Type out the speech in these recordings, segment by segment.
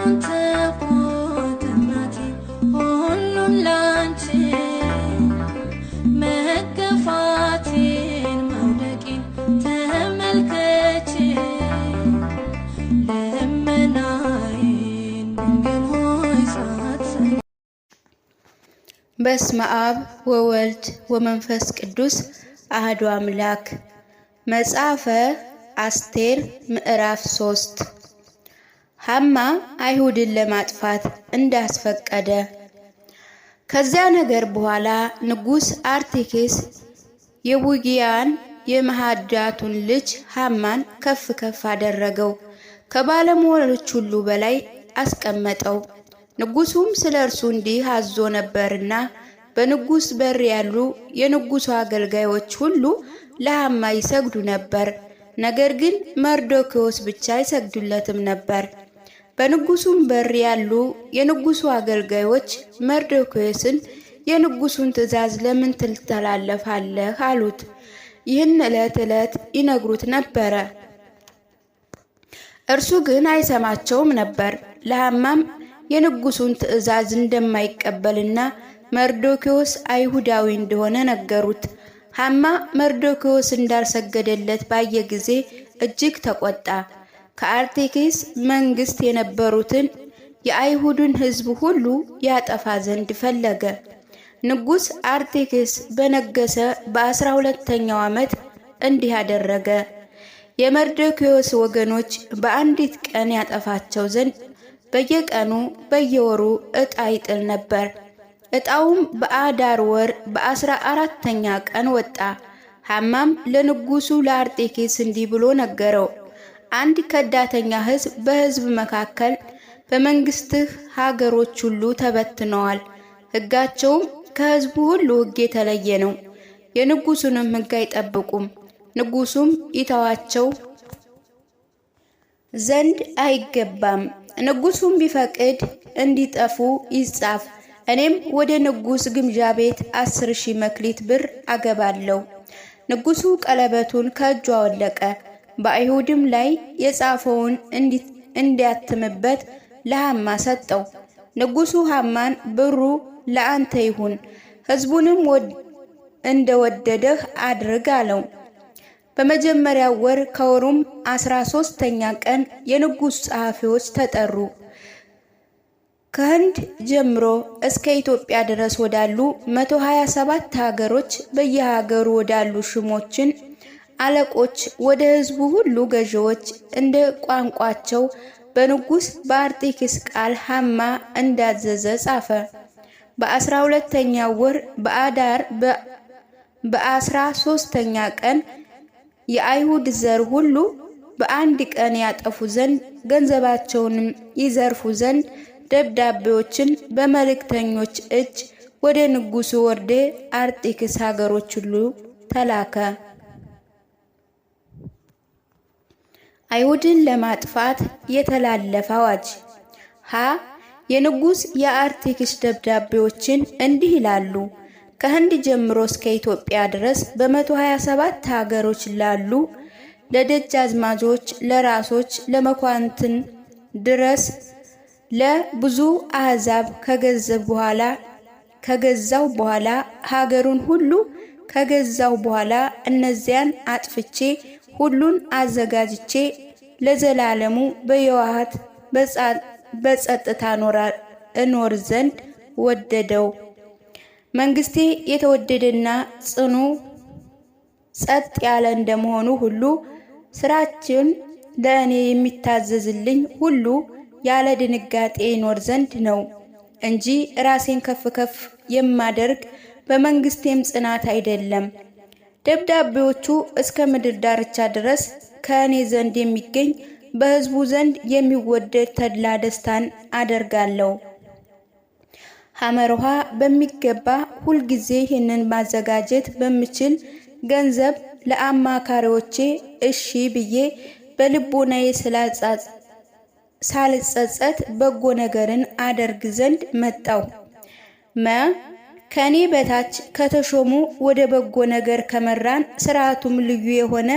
እናንተ ሞት እናቴ ሁሉም ላንቺ በስመ አብ ወወልድ ወመንፈስ ቅዱስ አህዶ አምላክ መጽሐፈ አስቴር ምዕራፍ ሶስት ሐማ አይሁድን ለማጥፋት እንዳስፈቀደ። ከዚያ ነገር በኋላ ንጉሥ አርቴክስ የቡጊያን የመሃዳቱን ልጅ ሐማን ከፍ ከፍ አደረገው፣ ከባለሟሎች ሁሉ በላይ አስቀመጠው። ንጉሱም ስለ እርሱ እንዲህ አዞ ነበርና በንጉስ በር ያሉ የንጉሱ አገልጋዮች ሁሉ ለሐማ ይሰግዱ ነበር። ነገር ግን መርዶክዮስ ብቻ አይሰግዱለትም ነበር። በንጉሱም በር ያሉ የንጉሱ አገልጋዮች መርዶክዮስን የንጉሱን ትእዛዝ ለምን ትተላለፋለህ? አሉት። ይህን ዕለት ዕለት ይነግሩት ነበረ። እርሱ ግን አይሰማቸውም ነበር። ለሐማም የንጉሱን ትእዛዝ እንደማይቀበልና መርዶክዮስ አይሁዳዊ እንደሆነ ነገሩት። ሐማ መርዶክዮስ እንዳልሰገደለት ባየ ጊዜ እጅግ ተቆጣ። ከአርቴክስ መንግስት የነበሩትን የአይሁድን ሕዝብ ሁሉ ያጠፋ ዘንድ ፈለገ። ንጉሥ አርቴክስ በነገሰ በአስራ ሁለተኛው ዓመት እንዲህ አደረገ። የመርዶክዮስ ወገኖች በአንዲት ቀን ያጠፋቸው ዘንድ በየቀኑ በየወሩ ዕጣ ይጥል ነበር። ዕጣውም በአዳር ወር በአስራ አራተኛ ቀን ወጣ። ሐማም ለንጉሡ ለአርጤኬስ እንዲህ ብሎ ነገረው። አንድ ከዳተኛ ህዝብ በህዝብ መካከል በመንግስትህ ሀገሮች ሁሉ ተበትነዋል። ህጋቸውም ከህዝቡ ሁሉ ህግ የተለየ ነው። የንጉሱንም ህግ አይጠብቁም። ንጉሱም ይተዋቸው ዘንድ አይገባም። ንጉሱም ቢፈቅድ እንዲጠፉ ይጻፍ። እኔም ወደ ንጉስ ግምጃ ቤት አስር ሺህ መክሊት ብር አገባለሁ። ንጉሱ ቀለበቱን ከእጁ አወለቀ። በአይሁድም ላይ የጻፈውን እንዲያትምበት ለሃማ ሰጠው። ንጉሱ ሃማን ብሩ ለአንተ ይሁን፣ ሕዝቡንም እንደወደደህ አድርግ አለው። በመጀመሪያው ወር ከወሩም አስራ ሶስተኛ ቀን የንጉሥ ጸሐፊዎች ተጠሩ። ከህንድ ጀምሮ እስከ ኢትዮጵያ ድረስ ወዳሉ መቶ ሀያ ሰባት ሀገሮች በየሀገሩ ወዳሉ ሹሞችን አለቆች ወደ ህዝቡ ሁሉ ገዢዎች እንደ ቋንቋቸው በንጉስ በአርጤክስ ቃል ሐማ እንዳዘዘ ጻፈ። በአስራ ተኛው ወር በአዳር በአስራ ሶስተኛ ቀን የአይሁድ ዘር ሁሉ በአንድ ቀን ያጠፉ ዘንድ ገንዘባቸውንም ይዘርፉ ዘንድ ደብዳቤዎችን በመልእክተኞች እጅ ወደ ንጉሱ ወርዴ አርጤክስ ሀገሮች ሁሉ ተላከ። አይሁድን ለማጥፋት የተላለፈ አዋጅ ሀ የንጉስ የአርቴክስ ደብዳቤዎችን እንዲህ ይላሉ። ከህንድ ጀምሮ እስከ ኢትዮጵያ ድረስ በ127 ሀገሮች ላሉ ለደጃዝማቾች፣ ለራሶች፣ ለመኳንትን ድረስ ለብዙ አሕዛብ ከገዘብ በኋላ ከገዛው በኋላ ሀገሩን ሁሉ ከገዛው በኋላ እነዚያን አጥፍቼ ሁሉን አዘጋጅቼ ለዘላለሙ በየዋሃት በጸጥታ እኖር ዘንድ ወደደው። መንግስቴ የተወደደና ጽኑ ጸጥ ያለ እንደመሆኑ ሁሉ ስራችን ለእኔ የሚታዘዝልኝ ሁሉ ያለ ድንጋጤ ይኖር ዘንድ ነው እንጂ ራሴን ከፍ ከፍ የማደርግ በመንግስቴም ጽናት አይደለም። ደብዳቤዎቹ እስከ ምድር ዳርቻ ድረስ ከእኔ ዘንድ የሚገኝ በህዝቡ ዘንድ የሚወደድ ተድላ ደስታን አደርጋለሁ። ሐመርሃ በሚገባ ሁልጊዜ ይህንን ማዘጋጀት በምችል ገንዘብ ለአማካሪዎቼ እሺ ብዬ በልቦናዬ ሳልጸጸት በጎ ነገርን አደርግ ዘንድ መጣው መ ከእኔ በታች ከተሾሙ ወደ በጎ ነገር ከመራን ስርዓቱም ልዩ የሆነ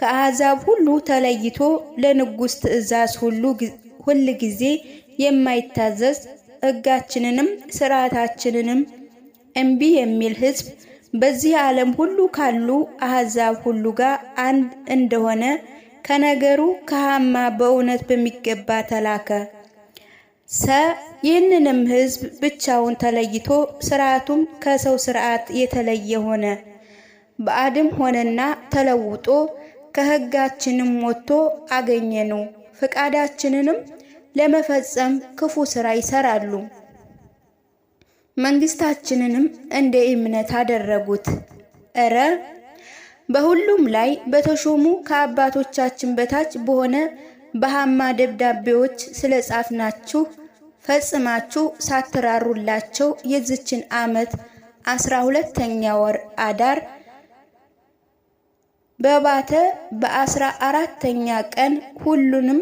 ከአሕዛብ ሁሉ ተለይቶ ለንጉሥ ትእዛዝ ሁሉ ሁል ጊዜ የማይታዘዝ ሕጋችንንም ስርዓታችንንም እምቢ የሚል ሕዝብ በዚህ ዓለም ሁሉ ካሉ አሕዛብ ሁሉ ጋር አንድ እንደሆነ ከነገሩ ከሃማ በእውነት በሚገባ ተላከ ሰ ይህንንም ህዝብ ብቻውን ተለይቶ ስርዓቱም ከሰው ስርዓት የተለየ ሆነ። በአድም ሆነና ተለውጦ ከህጋችንም ወጥቶ አገኘ ነው። ፈቃዳችንንም ለመፈጸም ክፉ ስራ ይሰራሉ። መንግስታችንንም እንደ እምነት አደረጉት። እረ በሁሉም ላይ በተሾሙ ከአባቶቻችን በታች በሆነ በሃማ ደብዳቤዎች ስለ ጻፍናችሁ ፈጽማችሁ ሳትራሩላቸው የዝችን ዓመት አስራ ሁለተኛ ወር አዳር በባተ በአስራ አራተኛ ቀን ሁሉንም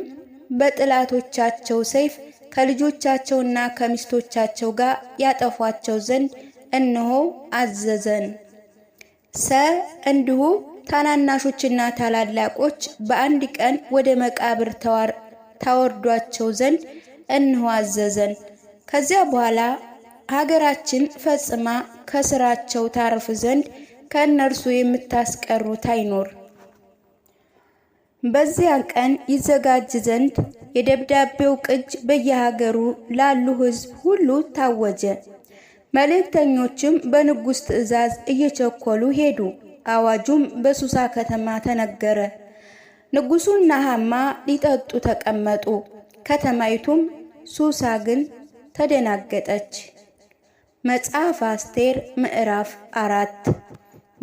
በጥላቶቻቸው ሰይፍ ከልጆቻቸውና ከሚስቶቻቸው ጋር ያጠፏቸው ዘንድ እነሆ አዘዘን። ሰ እንዲሁ ታናናሾችና ታላላቆች በአንድ ቀን ወደ መቃብር ታወርዷቸው ዘንድ እንሆ አዘዘን። ከዚያ በኋላ ሀገራችን ፈጽማ ከስራቸው ታርፍ ዘንድ ከእነርሱ የምታስቀሩት አይኖር። በዚያ ቀን ይዘጋጅ ዘንድ የደብዳቤው ቅጅ በየሀገሩ ላሉ ሕዝብ ሁሉ ታወጀ። መልእክተኞችም በንጉሥ ትእዛዝ እየቸኮሉ ሄዱ። አዋጁም በሱሳ ከተማ ተነገረ። ንጉሡና ሐማ ሊጠጡ ተቀመጡ። ከተማይቱም ሱሳ ግን ተደናገጠች። መጽሐፍ አስቴር ምዕራፍ አራት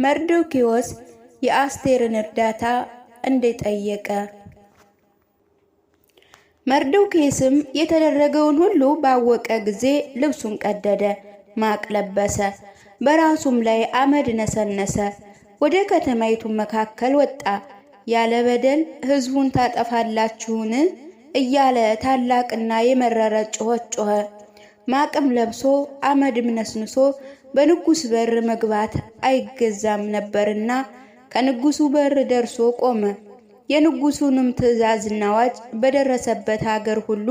መርዶኪዎስ የአስቴርን እርዳታ እንደጠየቀ። መርዶኪዎስም የተደረገውን ሁሉ ባወቀ ጊዜ ልብሱን ቀደደ፣ ማቅ ለበሰ፣ በራሱም ላይ አመድ ነሰነሰ። ወደ ከተማይቱ መካከል ወጣ። ያለ በደል ሕዝቡን ታጠፋላችሁን እያለ ታላቅና የመረረ ጩኸት ጮኸ። ማቅም ለብሶ አመድም ነስንሶ በንጉሥ በር መግባት አይገዛም ነበርና ከንጉሱ በር ደርሶ ቆመ። የንጉሱንም ትእዛዝና አዋጅ በደረሰበት ሀገር ሁሉ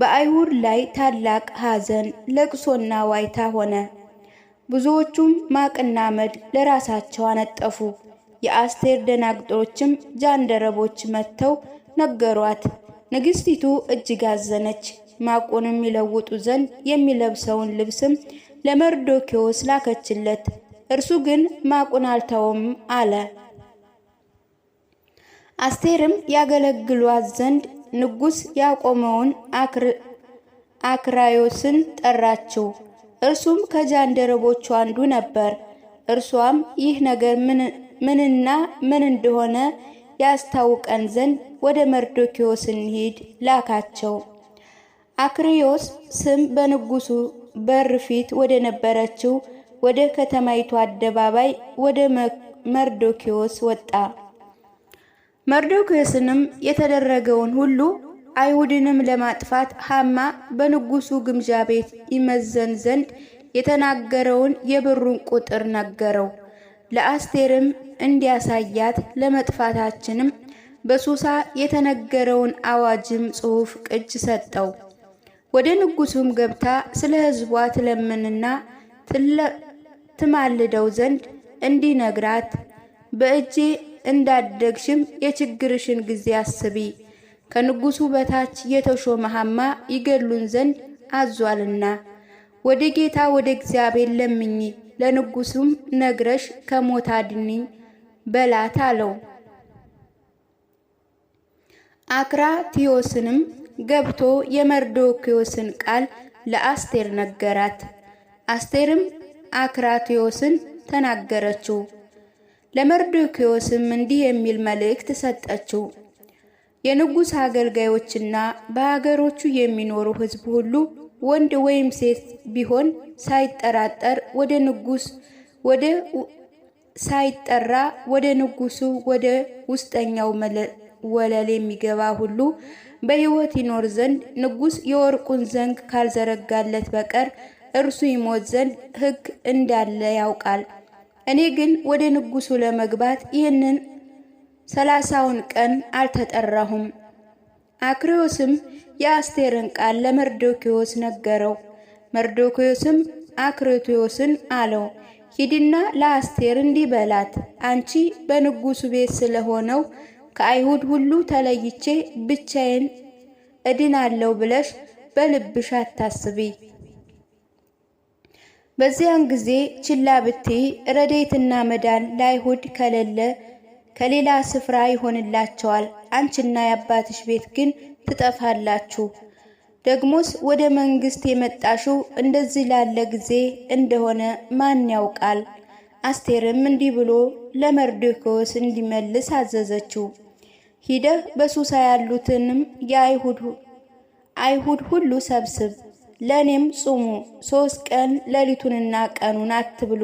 በአይሁድ ላይ ታላቅ ሐዘን፣ ለቅሶና ዋይታ ሆነ። ብዙዎቹም ማቅና አመድ ለራሳቸው አነጠፉ። የአስቴር ደናግጦችም ጃንደረቦች መጥተው ነገሯት። ንግስቲቱ እጅግ አዘነች። ማቁንም ይለውጡ ዘንድ የሚለብሰውን ልብስም ለመርዶኪዎስ ላከችለት። እርሱ ግን ማቁን አልተውም አለ። አስቴርም ያገለግሏት ዘንድ ንጉሥ ያቆመውን አክራዮስን ጠራችው። እርሱም ከጃንደረቦቹ አንዱ ነበር። እርሷም ይህ ነገር ምንና ምን እንደሆነ ያስታውቀን ዘንድ ወደ መርዶኪዎስ እንሂድ ላካቸው። አክሪዮስ ስም በንጉሱ በር ፊት ወደ ነበረችው ወደ ከተማይቱ አደባባይ ወደ መርዶኪዎስ ወጣ። መርዶኪዎስንም የተደረገውን ሁሉ አይሁድንም ለማጥፋት ሐማ በንጉሱ ግምጃ ቤት ይመዘን ዘንድ የተናገረውን የብሩን ቁጥር ነገረው። ለአስቴርም እንዲያሳያት ለመጥፋታችንም በሱሳ የተነገረውን አዋጅም ጽሑፍ ቅጅ ሰጠው። ወደ ንጉሱም ገብታ ስለ ሕዝቧ ትለምንና ትማልደው ዘንድ እንዲነግራት በእጄ እንዳደግሽም የችግርሽን ጊዜ አስቢ፣ ከንጉሱ በታች የተሾመሃማ ይገሉን ዘንድ አዟልና ወደ ጌታ ወደ እግዚአብሔር ለምኚ ለንጉሱም ነግረሽ ከሞት አድንኝ በላት አለው። አክራ ቲዮስንም ገብቶ የመርዶክዮስን ቃል ለአስቴር ነገራት። አስቴርም አክራትዮስን ተናገረችው። ለመርዶክዮስም እንዲህ የሚል መልእክት ሰጠችው። የንጉሥ አገልጋዮችና በሀገሮቹ የሚኖሩ ሕዝብ ሁሉ ወንድ ወይም ሴት ቢሆን ሳይጠራጠር ወደ ንጉስ ወደ ሳይጠራ ወደ ንጉሱ ወደ ውስጠኛው ወለል የሚገባ ሁሉ በሕይወት ይኖር ዘንድ ንጉስ የወርቁን ዘንግ ካልዘረጋለት በቀር እርሱ ይሞት ዘንድ ሕግ እንዳለ ያውቃል። እኔ ግን ወደ ንጉሱ ለመግባት ይህንን ሰላሳውን ቀን አልተጠራሁም። አክሬዎስም የአስቴርን ቃል ለመርዶኪዎስ ነገረው። መርዶኪዎስም አክሮቴዎስን አለው፣ ሂድና ለአስቴር እንዲህ በላት፣ አንቺ በንጉሱ ቤት ስለሆነው ከአይሁድ ሁሉ ተለይቼ ብቻዬን እድናለሁ ብለሽ በልብሽ አታስቢ። በዚያን ጊዜ ችላ ብትይ ረዴትና መዳን ለአይሁድ ከሌለ ከሌላ ስፍራ ይሆንላቸዋል። አንቺና የአባትሽ ቤት ግን ትጠፋላችሁ። ደግሞስ ወደ መንግስት የመጣሽው እንደዚህ ላለ ጊዜ እንደሆነ ማን ያውቃል? አስቴርም እንዲህ ብሎ ለመርዶክዮስ እንዲመልስ አዘዘችው። ሂደህ በሱሳ ያሉትንም የአይሁድ አይሁድ ሁሉ ሰብስብ፣ ለእኔም ጹሙ። ሶስት ቀን ሌሊቱንና ቀኑን አትብሉ፣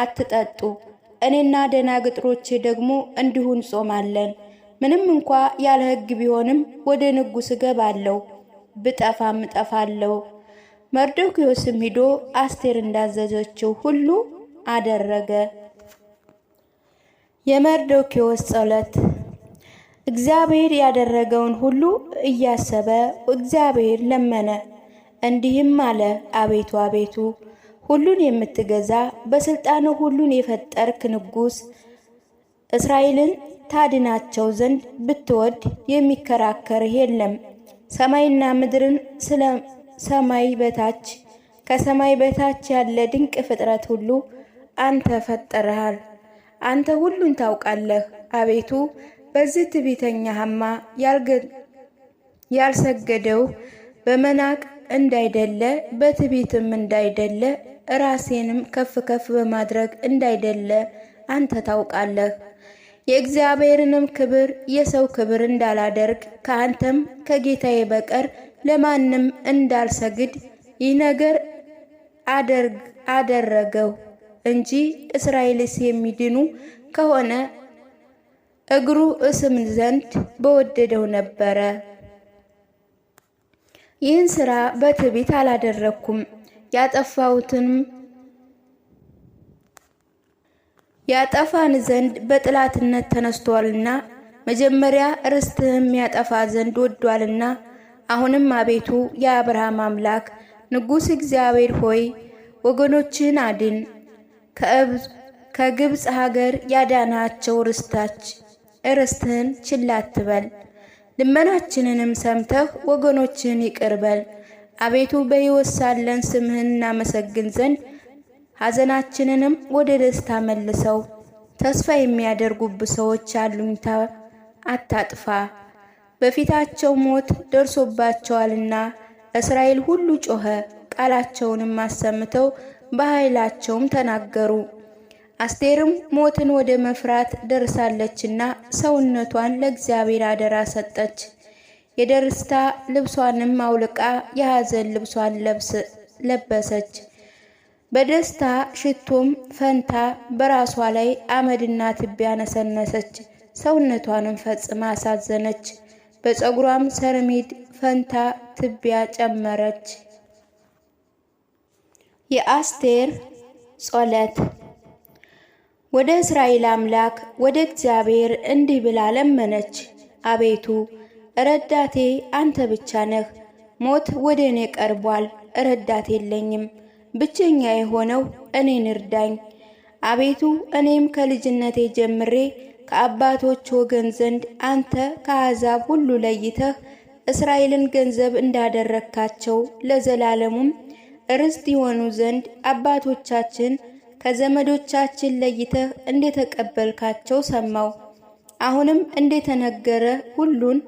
አትጠጡ እኔና ደናግጥሮቼ ደግሞ እንዲሁ እንጾማለን። ምንም እንኳ ያለ ሕግ ቢሆንም ወደ ንጉሥ እገባለሁ፣ ብጠፋም እጠፋለሁ። መርዶክዮስም ሂዶ አስቴር እንዳዘዘችው ሁሉ አደረገ። የመርዶክዮስ ጸሎት። እግዚአብሔር ያደረገውን ሁሉ እያሰበ እግዚአብሔር ለመነ፣ እንዲህም አለ፦ አቤቱ አቤቱ ሁሉን የምትገዛ በስልጣኑ ሁሉን የፈጠርክ ንጉስ እስራኤልን ታድናቸው ዘንድ ብትወድ የሚከራከርህ የለም። ሰማይና ምድርን ስለ ሰማይ በታች ከሰማይ በታች ያለ ድንቅ ፍጥረት ሁሉ አንተ ፈጠረሃል። አንተ ሁሉን ታውቃለህ። አቤቱ በዚህ ትቢተኛ ሀማ ያልሰገደው በመናቅ እንዳይደለ በትቢትም እንዳይደለ ራሴንም ከፍ ከፍ በማድረግ እንዳይደለ አንተ ታውቃለህ። የእግዚአብሔርንም ክብር የሰው ክብር እንዳላደርግ ከአንተም ከጌታዬ በቀር ለማንም እንዳልሰግድ ይህ ነገር አደረገው እንጂ እስራኤልስ የሚድኑ ከሆነ እግሩ እስም ዘንድ በወደደው ነበረ። ይህን ስራ በትዕቢት አላደረግኩም። ያጠፋሁትንም ያጠፋን ዘንድ በጥላትነት ተነስቷልና መጀመሪያ ርስትህም ያጠፋ ዘንድ ወዷልና። አሁንም አቤቱ የአብርሃም አምላክ ንጉሥ እግዚአብሔር ሆይ ወገኖችህን አድን፣ ከግብፅ ሀገር ያዳናቸው ርስታች ርስትህን ችላ አትበል። ልመናችንንም ሰምተህ ወገኖችህን ይቅርበል። አቤቱ በሕይወት ሳለን ስምህን እናመሰግን ዘንድ ሐዘናችንንም ወደ ደስታ መልሰው። ተስፋ የሚያደርጉብ ሰዎች አሉኝታ አታጥፋ፣ በፊታቸው ሞት ደርሶባቸዋልና። እስራኤል ሁሉ ጮኸ፣ ቃላቸውንም አሰምተው በኃይላቸውም ተናገሩ። አስቴርም ሞትን ወደ መፍራት ደርሳለችና ሰውነቷን ለእግዚአብሔር አደራ ሰጠች። የደስታ ልብሷንም አውልቃ የሐዘን ልብሷን ለበሰች። በደስታ ሽቱም ፈንታ በራሷ ላይ አመድና ትቢያ ነሰነሰች። ሰውነቷንም ፈጽማ አሳዘነች። በፀጉሯም ሰርሚድ ፈንታ ትቢያ ጨመረች። የአስቴር ጸሎት ወደ እስራኤል አምላክ ወደ እግዚአብሔር እንዲህ ብላ ለመነች። አቤቱ ረዳቴ አንተ ብቻ ነህ። ሞት ወደ እኔ ቀርቧል፣ ረዳት የለኝም። ብቸኛ የሆነው እኔን እርዳኝ። አቤቱ እኔም ከልጅነቴ ጀምሬ ከአባቶች ወገን ዘንድ አንተ ከአሕዛብ ሁሉ ለይተህ እስራኤልን ገንዘብ እንዳደረግካቸው ለዘላለሙም ርስት ይሆኑ ዘንድ አባቶቻችን ከዘመዶቻችን ለይተህ እንደተቀበልካቸው ሰማው። አሁንም እንደተነገረ ሁሉን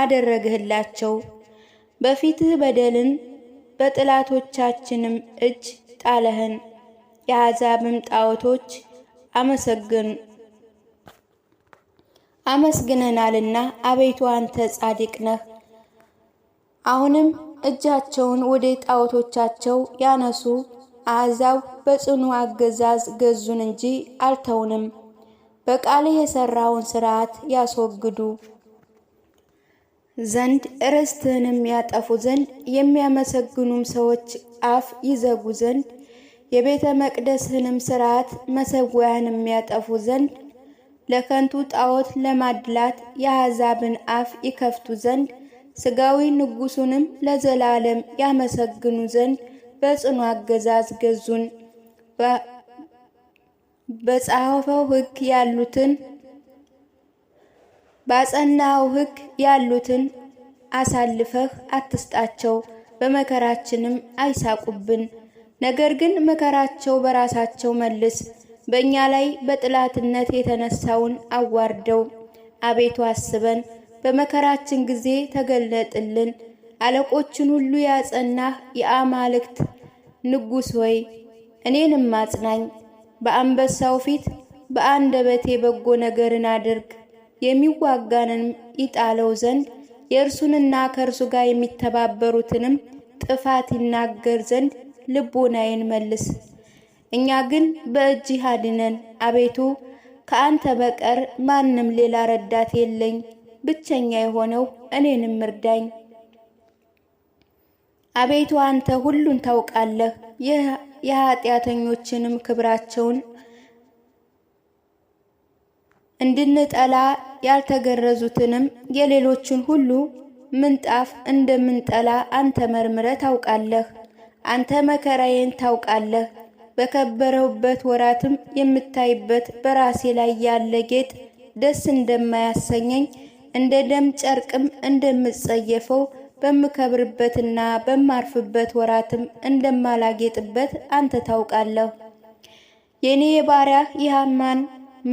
አደረግህላቸው። በፊትህ በደልን በጥላቶቻችንም እጅ ጣለህን። የአሕዛብም ጣዖቶች አመሰግን አመስግነናልና አቤቱ አንተ ጻድቅ ነህ። አሁንም እጃቸውን ወደ ጣዖቶቻቸው ያነሱ አሕዛብ በጽኑ አገዛዝ ገዙን እንጂ አልተውንም። በቃልህ የሠራውን ሥርዓት ያስወግዱ። ዘንድ ርስትህንም ያጠፉ ዘንድ የሚያመሰግኑም ሰዎች አፍ ይዘጉ ዘንድ የቤተ መቅደስህንም ስርዓት መሰዊያህንም ያጠፉ ዘንድ ለከንቱ ጣዖት ለማድላት የአሕዛብን አፍ ይከፍቱ ዘንድ ሥጋዊ ንጉሡንም ለዘላለም ያመሰግኑ ዘንድ በጽኑ አገዛዝ ገዙን። በጸሐፈው ሕግ ያሉትን ባጸናው ሕግ ያሉትን አሳልፈህ አትስጣቸው፣ በመከራችንም አይሳቁብን። ነገር ግን መከራቸው በራሳቸው መልስ፣ በእኛ ላይ በጥላትነት የተነሳውን አዋርደው። አቤቱ አስበን፣ በመከራችን ጊዜ ተገለጥልን። አለቆችን ሁሉ ያጸናህ የአማልክት ንጉሥ ሆይ እኔንም አጽናኝ። በአንበሳው ፊት በአንደበቴ በጎ ነገርን አድርግ። የሚዋጋንን ይጣለው ዘንድ የእርሱንና ከእርሱ ጋር የሚተባበሩትንም ጥፋት ይናገር ዘንድ ልቡናዬን መልስ። እኛ ግን በእጅህ አድነን አቤቱ፣ ከአንተ በቀር ማንም ሌላ ረዳት የለኝ፣ ብቸኛ የሆነው እኔንም እርዳኝ። አቤቱ አንተ ሁሉን ታውቃለህ፣ የኃጢአተኞችንም ክብራቸውን እንድንጠላ ያልተገረዙትንም የሌሎችን ሁሉ ምንጣፍ እንደምንጠላ አንተ መርምረ ታውቃለህ። አንተ መከራዬን ታውቃለህ። በከበረውበት ወራትም የምታይበት በራሴ ላይ ያለ ጌጥ ደስ እንደማያሰኘኝ እንደ ደም ጨርቅም እንደምጸየፈው በምከብርበትና በማርፍበት ወራትም እንደማላጌጥበት አንተ ታውቃለህ። የእኔ የባሪያህ የሐማን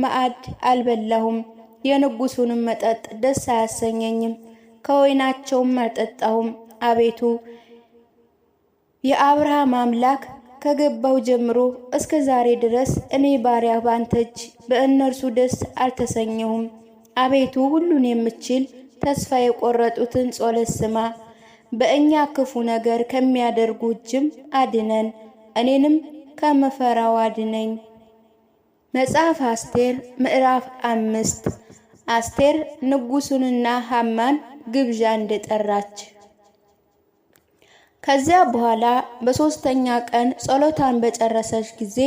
ማዕድ አልበላሁም፣ የንጉሱንም መጠጥ ደስ አያሰኘኝም፣ ከወይናቸውም አልጠጣሁም። አቤቱ የአብርሃም አምላክ ከገባው ጀምሮ እስከ ዛሬ ድረስ እኔ ባሪያ ባንተ እጅ በእነርሱ ደስ አልተሰኘሁም። አቤቱ ሁሉን የምችል ተስፋ የቆረጡትን ጸሎት ስማ፣ በእኛ ክፉ ነገር ከሚያደርጉ እጅም አድነን፣ እኔንም ከመፈራው አድነኝ። መጽሐፍ አስቴር ምዕራፍ አምስት አስቴር ንጉሱንና ሐማን ግብዣ እንደጠራች። ከዚያ በኋላ በሶስተኛ ቀን ጸሎታን በጨረሰች ጊዜ